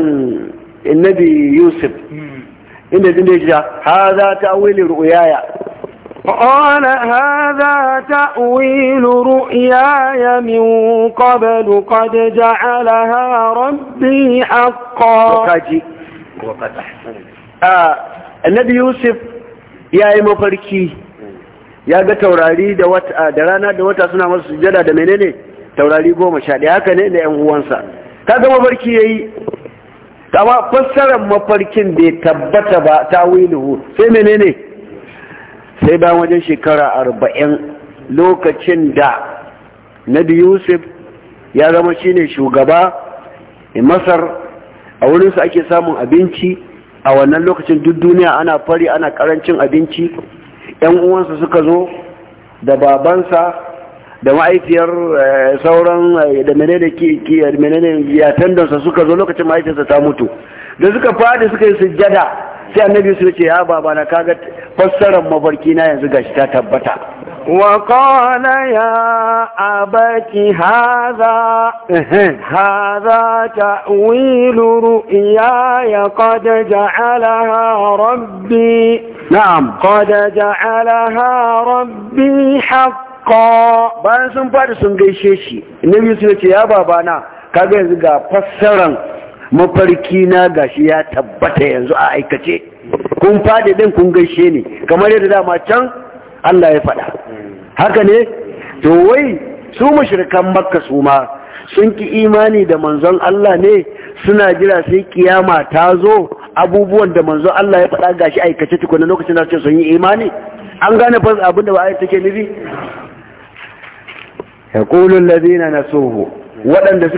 innabi yusuf inda jin da ya ha za ta wili ru'uyaya قال هذا تأويل رؤياي من قبل قد جعلها ربي حقا وقد وقد أحسن النبي يوسف ya yi mafarki ya ga taurari da rana da wata suna masu sujada da menene taurari goma sha ɗaya haka ne da yan uwansa ga mafarki ya yayi kama fassarar mafarkin bai tabbata ba ta wiluhu sai menene sai bayan wajen shekara arba'in lokacin da nabi yusuf ya zama shine shugaba a masar a wurinsa ake samun abinci a wannan lokacin duk duniya ana fari ana karancin abinci yan uwansa suka zo da babansa da ma'aikiyar eh, sauran eh, da menene ke menene suka zo lokacin ma'aikinsa ta mutu da suka fadi suka yi sujjada sai annabi su ce ya babana, kaga fassarar mafarki na yanzu gashi ta tabbata وقال يا أبت هذا هذا تأويل رؤياي قد جعلها ربي نعم قد جعلها ربي حقا bayan sun faɗi sun gaishe shi nabi su ce ya babana kaga yanzu ga fassaran mafarki na gashi ya tabbata yanzu a aikace kun faɗi din kun gaishe ni kamar yadda dama can Allah ya faɗa haka ne to wai su mashirkan makka su ma sun ki imani da manzon Allah ne suna jira sai kiyama ta zo abubuwan da manzon Allah ya faɗa gashi aikace tukuna lokacin da sun yi imani an gane fas abin da ayat take nufi yaqulu na Soho, waɗanda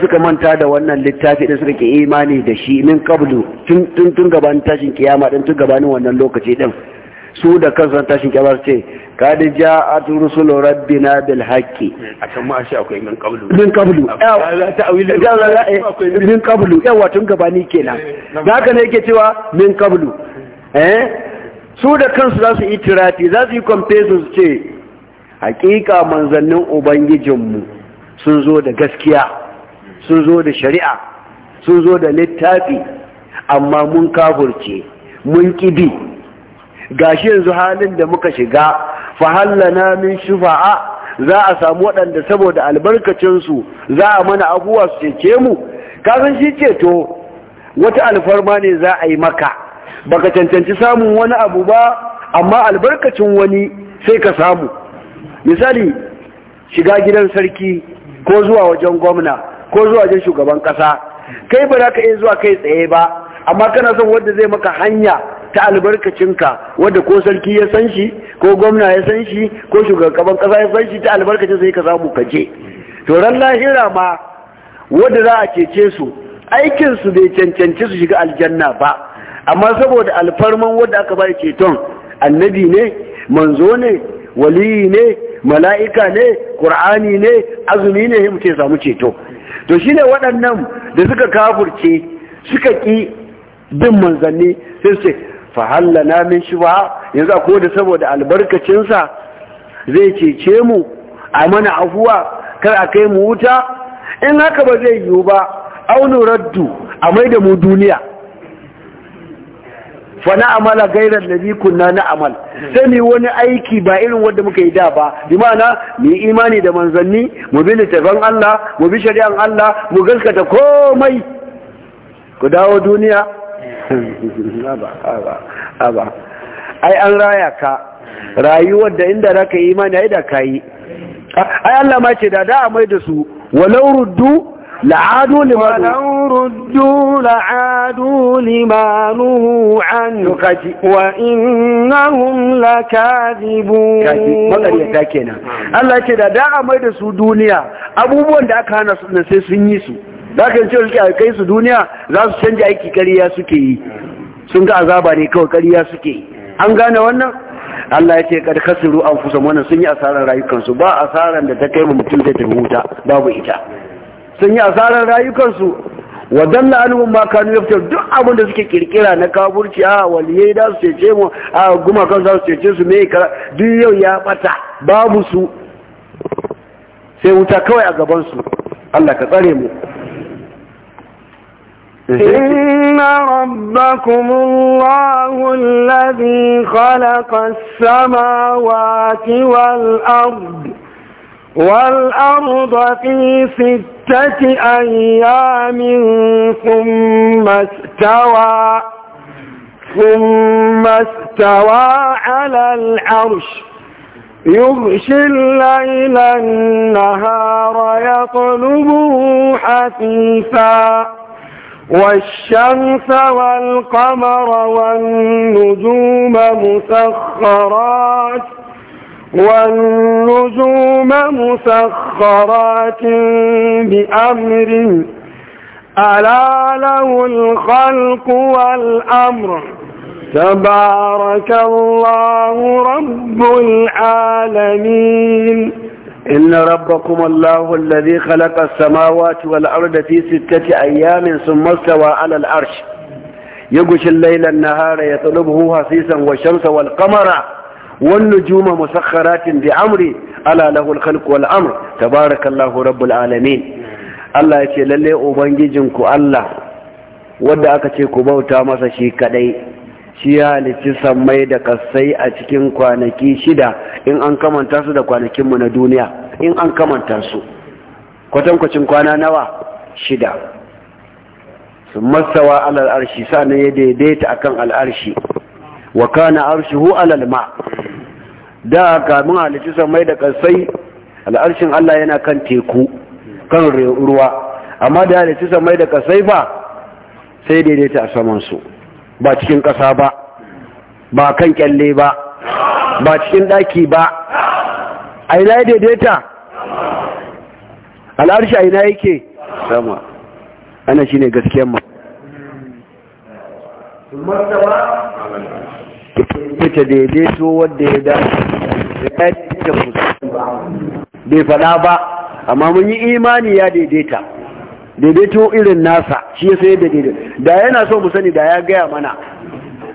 suka manta da wannan littafi da suka ke imani da shi min qablu tun tun gabanin tashin kiyama din tun gabanin wannan lokaci ɗin. su da kansu an tashin kyamar ce kad ja'at rusulu rabbina bil haƙƙi. a can ma shi akwai min qablu min kablu min qablu yawa tun gabani kenan eh, haka ne yake cewa min kablu eh su da kansu za su yi tirafi za su yi kwamfesu su ce hakika manzannin ubangijinmu sun zo da gaskiya sun zo da shari'a sun zo da littafi amma mun kafurce mun kibi gashi yanzu halin da muka shiga fa hallana min shufa'a za a samu waɗanda saboda albarkacinsu za a mana abuwa su cece mu kasan shi ceto wata alfarma ne za a yi maka baka cancanci samun wani abu ba amma albarkacin wani sai ka samu misali shiga gidan sarki ko zuwa wajen gwamna ko zuwa wajen shugaban ƙasa kai ba za ka iya zuwa kai tsaye ba amma kana son wanda zai maka hanya ta albarkacinka wadda ko sarki ya san shi ko gwamna ya san shi ko shugaban kasa ya san shi ta albarkacin sai ka samu kaje to ran lahira ma wadda za a cece su aikin su bai cancanci su shiga aljanna ba amma saboda alfarman wadda aka bai ceton annabi ne manzo ne waliyi ne mala'ika ne qur'ani ne azumi ne mu ce samu ceto to shine waɗannan da suka kafurce suka ki bin manzanni sai su ce fa na min ba yanzu ko da saboda albarkacinsa zai cece mu a mana afuwa kar a kai mu wuta in haka ba zai yiwu ba aunu raddu a mai da mu duniya fa na amala gairar da kunna na amal sai ni wani aiki ba irin wanda muka yi da ba bi ma'ana mu imani da manzanni mu bi littafin Allah mu bi shari'an Allah mu gaskata komai ku dawo duniya ba, ai an raya ka rayuwar da inda ka yi imani ai da yi, ai Allah ma ce da da'a mai da su walau ruddu la'adu limanu la'adu an kaji wa innahum lakadibun kaji magariya ta kenan Allah ce da da'a mai da su duniya abubuwan da aka hana su sai sun yi su da kan ce suke kai su duniya za su canja aiki kariya suke yi sun ga azaba ne kawai kariya suke yi an gane wannan Allah ya ce kad an anfusahum wannan sun yi asarar rayukansu ba asaran da ta kai mu mutum tafi huta babu ita sun yi asarar rayukansu wa dalla anhum ma kanu yaftar duk abin da suke kirkira na kaburci a ah, waliye da su ce mu a guma kan za su ce ah, su me duk yau ya bata babu su sai wuta kawai a gaban su Allah ka tsare mu إن ربكم الله الذي خلق السماوات والأرض والأرض في ستة أيام ثم استوى ثم استوى على العرش يغشي الليل النهار يطلبه حثيثا والشمس والقمر والنجوم مسخرات والنجوم مسخرات بأمر ألا له الخلق والأمر تبارك الله رب العالمين إن ربكم الله الذي خلق السماوات والأرض في ستة أيام ثم استوى على العرش يغش الليل النهار يطلبه حسيسا والشمس والقمر والنجوم مسخرات بأمري ألا له الخلق والأمر تبارك الله رب العالمين الله يتلل ce lalle ubangijinku Allah wadda aka ce ku shi ya halitti sammai da kasai a cikin kwanaki shida in an kamanta su da kwanakinmu na duniya in an kamanta su kwatankwacin kwana nawa shida su masawa alal arshi sa'anin ya daidaita a kan al'arshi wa kana hu alal ma da kamin halitti sammai da kasai al'arshin Allah yana kan teku kan ruwa amma da halitti sammai da kasai ba sai daidaita a samansu su ba cikin ƙasa ba ba kan kyalle ba ba cikin ɗaki ba a ina ya daidaita al'arshi a ina yake sama ana shi ne gaskiyar ma ita daidaito wadda ya dace bai fada ba amma mun yi imani ya daidaita daidaito irin nasa shi ya sayar da da yana so mu sani da ya gaya mana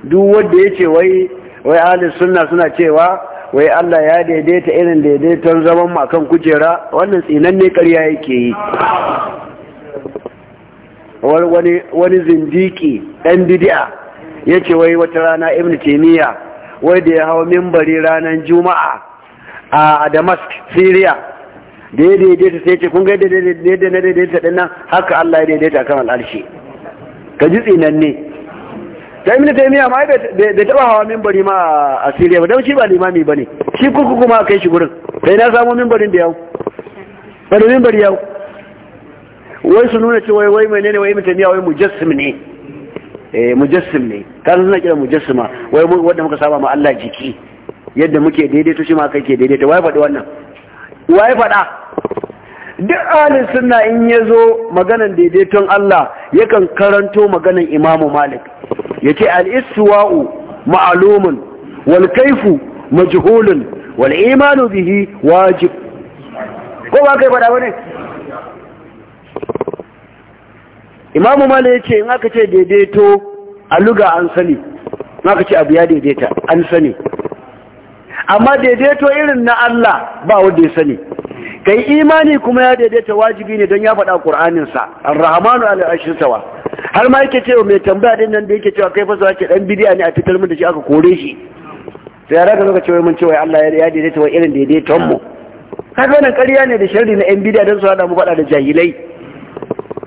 duk wanda ya ce wai wai ahlus sunna suna cewa wai Allah ya daidaita irin daidaiton zaman akan kujera wannan tsinan ne ƙarya yake yi wani wani zindiki ɗan bidi'a ya ce wai wata rana ibn taymiya wai da ya hau mimbari ranar juma'a a damask syria daidai daidaita sai ce kun ga daidai na daidaita din nan haka Allah ya daidaita kan al'arshi ka ji tsinan ne ta imini ta imiya ma bai taba hawa mimbari ma a siriya ba don shi ba limami ba ne shi kurku kuma kai shi gurin sai na samu mimbarin da yau ba da mimbari yau wai su nuna cewa wai mai ne wai mai ta wai mujassim ne eh, mujassim ne ta suna kira mujassima wai wanda muka saba ma Allah jiki yadda muke daidaito shi ma kai ke daidaito wai faɗi wannan wai faɗa duk ahalin sunna in ya zo maganan daidaiton Allah yakan karanto maganan imamu malik ya ce al'iswa'u ma'alumin walkaifu majhulun wal'imanu bihi wajib ko ba kai bada wani imamu malik ya ce in aka ce daidaito a luga an sani in aka ce abu ya daidaita an sani amma daidaito irin na Allah ba wanda ya sani kai imani kuma ya daidaita wajibi ne don ya faɗa ƙur'aninsa ar-rahmanu al-ashirtawa har ma yake cewa mai tambaya din nan da yake cewa kai fasa ce dan bidiya ne a fitar mu da shi aka kore shi sai ya raka zaka cewa mun cewa Allah ya daidaita wa irin daidaiton mu kaga wannan ƙarya ne da sharri na yan bidiya don su hada mu faɗa da jahilai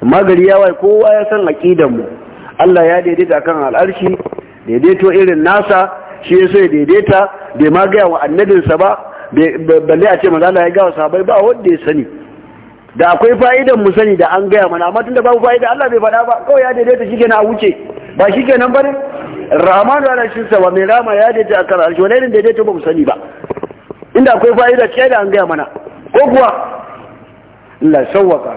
magari ya wai kowa ya san aqidan mu Allah ya daidaita kan al'arshi daidaito irin nasa shi ya so ya daidaita bai ma gaya wa annabinsa ba balle a ce manzala ya gawa sahabai ba wanda ya sani da akwai fa'idan mu sani da an gaya mana amma tunda babu fa'ida Allah bai faɗa ba kawai ya daidaita shi a wuce ba shi kenan ba ne rahman da alashin sa ba mai rama ya daidaita a kan arshi wani irin daidaita ba mu sani ba inda akwai fa'ida ce da an gaya mana ko kuwa Allah sawwaka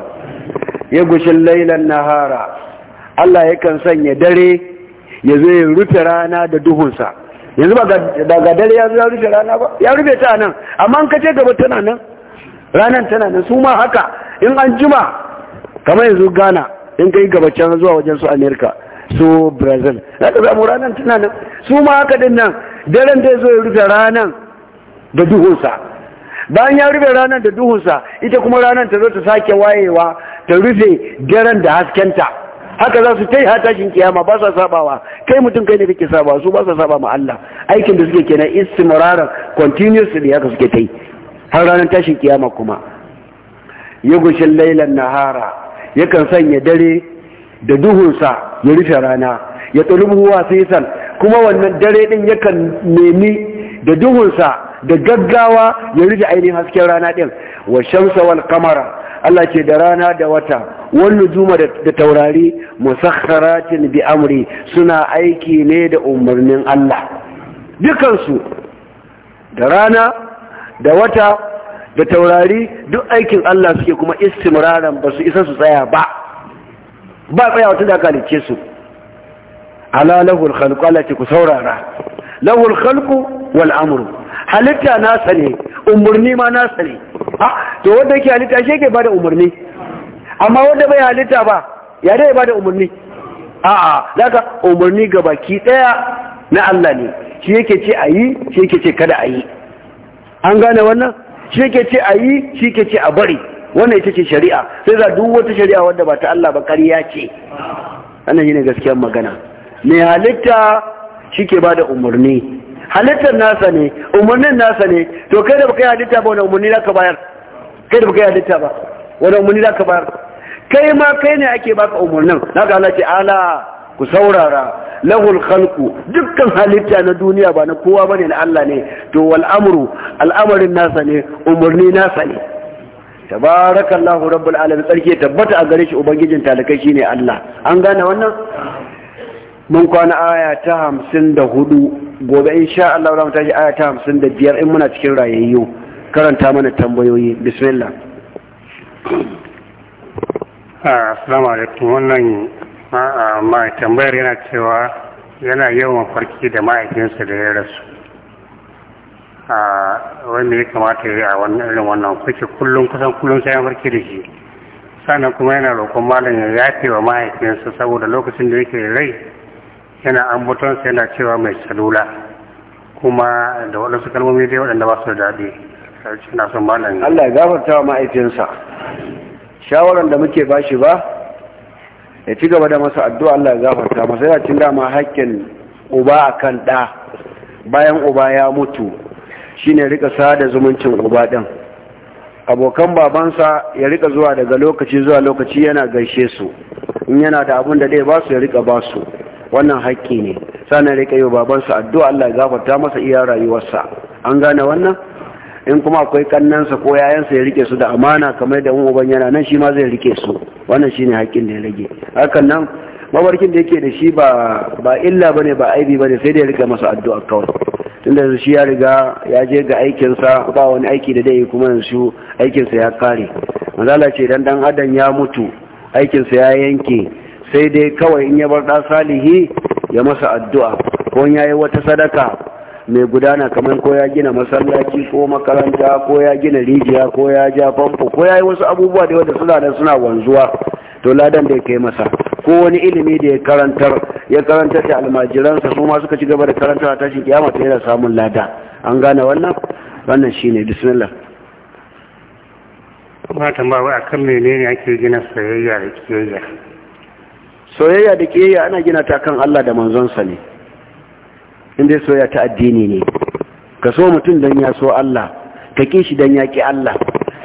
ya gushin lailan nahara Allah yakan sanya dare ya zo ya rufe rana da duhunsa yanzu ba ga dare ya rufe rana ba ya rufe ta nan amma an kace gaba tana nan ranar tana nan su ma haka in an jima kamar yanzu ghana in kai gaba can zuwa wajen su america su brazil za ka samu ranar tana nan su ma haka din nan daren zai zo ya rufe ranar da duhunsa bayan ya rufe ranar da duhunsa ita kuma ranar ta zo ta sake wayewa ta rufe daren da haskenta haka za su tai tashin kiyama ba sa sabawa kai mutum kai ne kake sabawa su ba sa saba ma Allah aikin da suke kenan istimraran continuously haka suke tai har ranar tashin kiyama kuma yugushin lailan nahara yakan sanya dare da duhunsa ya rufe rana ya sai san kuma wannan dare din yakan nemi da duhunsa da gaggawa ya rufe ainihin hasken rana din wa shamsa wal kamara Allah ce da rana da wata wani juma da taurari musakharatin bi amri suna aiki ne da umarnin Allah dukansu da rana da wata da taurari duk aikin Allah suke kuma istimraran ba su isa su tsaya ba ba tsayawa wata da kalice su ala lahul khalqu Allah ce ku saurara lahul khalqu wal amru halitta nasa ne umarni ma nasa ne to wanda yake halitta shi yake bada umarni amma wanda bai halitta ba ya dai bada umarni a'a daga umarni ga baki daya na Allah ne shi yake ce a yi shi yake ce kada a yi an gane wannan shi yake ce a yi shi yake ce a bari wannan ita ce shari'a sai za duk wata shari'a wadda ba ta Allah ba kariya ce ana yi ne gaskiyar magana mai halitta shi ke bada umarni halittar nasa ne umarnin nasa ne to kai da baka yi halitta ba wani umarni za ka bayar kai da baka yi halitta ba wani umarni za ka bayar kai ma kai ne ake baka umarnin na ga Allah ce ala ku saurara lahul khalqu dukkan halitta na duniya ba na kowa bane na Allah ne to wal amru al'amarin nasa ne umarni nasa ne tabarakallahu rabbul alamin sarki tabbata a gare shi ubangijin talakai shine Allah an gane wannan mun kwana aya ta hamsin da hudu gobe in sha Allah za mu tashi aya ta hamsin da biyar in muna cikin rayayyu karanta mana tambayoyi bismillah ah, assalamu alaikum wannan ah, mai tambayar yana cewa yana yawan farki da ma'aikinsa da ya rasu ah, wanda ya kamata ya yi a wannan irin wannan kuke kullum kusan kullum sai an farki da shi sannan kuma yana roƙon malam ya yafe wa mahaifinsa saboda lokacin da yake rai yana ambatonsa yana cewa mai salula kuma da waɗansu kalmomi dai waɗanda ba su da daɗi suna son malami. Allah ya gafarta wa ma'aikinsa shawaran da muke ba ba ya ci gaba da masa addu'a Allah ya gafarta masa yana cin dama haƙƙin uba akan ɗa bayan uba ya mutu shine rika sada zumuncin uba ɗin abokan babansa ya rika zuwa daga lokaci zuwa lokaci yana gaishe su in yana da abin da dai ba su ya rika ba su wannan haƙƙi ne sannan rika yi babansa addu'a Allah ya gafarta masa iya rayuwarsa an gane wannan in kuma akwai kannansa ko yayansa ya rike su da amana kamar da uban yana nan shi ma zai rike su wannan shine haƙƙin da ya rage hakan nan mabarkin da yake da shi ba ba illa ba aibi bane sai da ya rika masa addu'a kawai tunda shi ya riga ya je ga aikinsa ba wani aiki da dai kuma yanzu aikinsa ya kare manzala ce dan dan adam ya mutu aikinsa ya yanke sai dai kawai in ya bar ɗa salihi ya masa addu'a ko ya yi wata sadaka mai gudana kamar ko ya gina masallaci ko makaranta ko ya gina rijiya ko ya ja famfo ko ya yi wasu abubuwa da wanda suna da suna wanzuwa to ladan da ya kai masa ko wani ilimi da ya karantar ya karantar da almajiransa su ma suka ci gaba da karantar a tashin kiyama ta yana samun lada an gane wannan wannan shine bismillah ba tambawa akan menene ake gina sayayya da kiyayya soyayya da ƙiyayya ana gina ta kan Allah da manzonsa ne inda soyayya ta addini ne ka so mutum don ya so Allah ka ƙi shi don ya ƙi Allah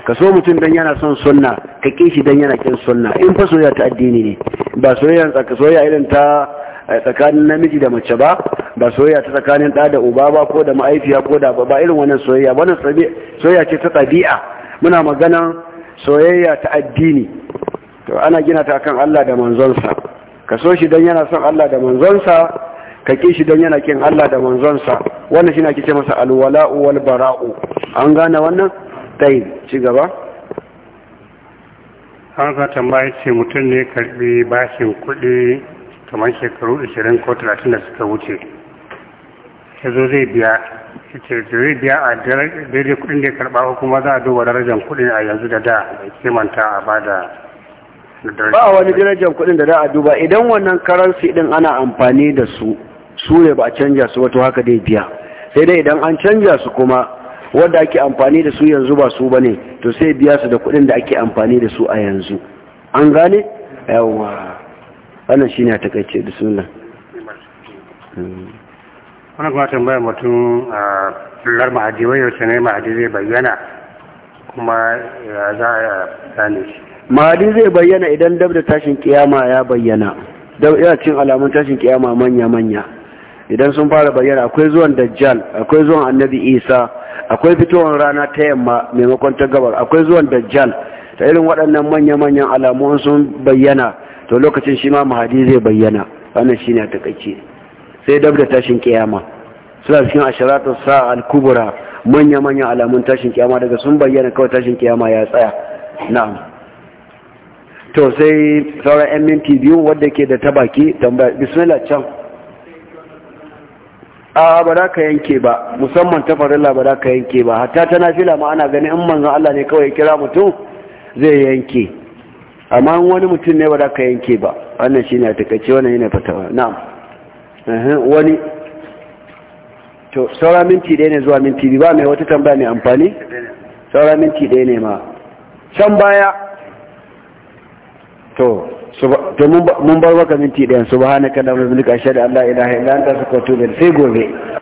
ka so mutum don yana son sunna ka ƙi shi don yana ƙin sunna in fa soyayya ta addini ne ba soyayya soyayya irin ta eh, tsakanin namiji da mace ba ba soyayya ta tsakanin ɗa da uba ba ko da ma'aifiya ko da ba irin wannan soyayya wannan soyayya ce ta ɗabi'a muna maganan soyayya ta addini to ana gina ta kan Allah da manzonsa ka so shi don yana son Allah da manzonsa ka ƙi shi don yana kin Allah da manzonsa wannan shi na kice masa alwala'u wal bara'u an gane wannan tayi ci gaba an ka tambaya ce mutum ne karbi bashin kuɗi kamar shekaru 20 ko 30 da suka wuce ya zo zai biya ce zai biya a daidai kuɗin da ya karɓa ko kuma za a duba darajar kuɗin a yanzu da da kimanta a bada ba wani darajar kuɗin da za a duba idan wannan karansi ɗin ana amfani da su su ne ba a canja su wato haka dai biya sai dai idan an canja su kuma wanda ake amfani da su yanzu ba su ba ne to sai biya su da kuɗin da ake amfani da su a yanzu an gane yawa wannan shine a takaice bismillah wani kuma tambayar mutum a lullar ma'adi wani yaushe ne mahadi zai bayyana kuma ya za a gane shi mahadi zai bayyana idan dab da tashin kiyama ya bayyana dab yana cin alamun tashin kiyama manya-manya idan sun fara bayyana akwai zuwan dajjal akwai zuwan annabi isa akwai fitowar rana ta yamma maimakon ta gabar akwai zuwan dajjal ta irin waɗannan manya-manyan alamun sun bayyana to lokacin shi ma mahadi zai bayyana wannan shine a takaice sai dab da tashin kiyama suna cikin asharatu sa'a al-kubra manya-manyan alamun tashin kiyama daga sun bayyana kawai tashin kiyama ya tsaya na'am to sai sauran 'yan minti biyu wadda ke da tabaki tambaya bismillah can a ba za ka yanke ba musamman ta farilla ba za ka yanke ba hatta ta na fila ma ana ganin in manzon Allah ne kawai kira mutum zai yanke amma wani mutum ne ba za ka yanke ba wannan shi ne a takaice wannan yana fatawa na'am wani to saura minti ɗaya ne zuwa minti biyu ba mai wata tambaya mai amfani saura minti ɗaya ne ma can baya to to mun bar maka minti ɗayan subhanaka allahumma wa bihamdika ashhadu an la ilaha illa anta astaghfiruka wa atubu ilayk sai gobe